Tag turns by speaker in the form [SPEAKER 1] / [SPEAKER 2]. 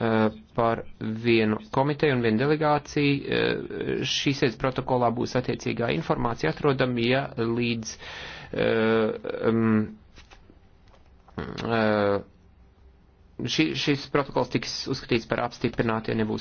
[SPEAKER 1] Eh, par vienu komiteju un vienu delegāciju. Eh, Šīs sēdes protokolā būs attiecīgā informācija atrodama, ja līdz um, šis protokols
[SPEAKER 2] tiks uzskatīts par apstiprinātu, ja nebūs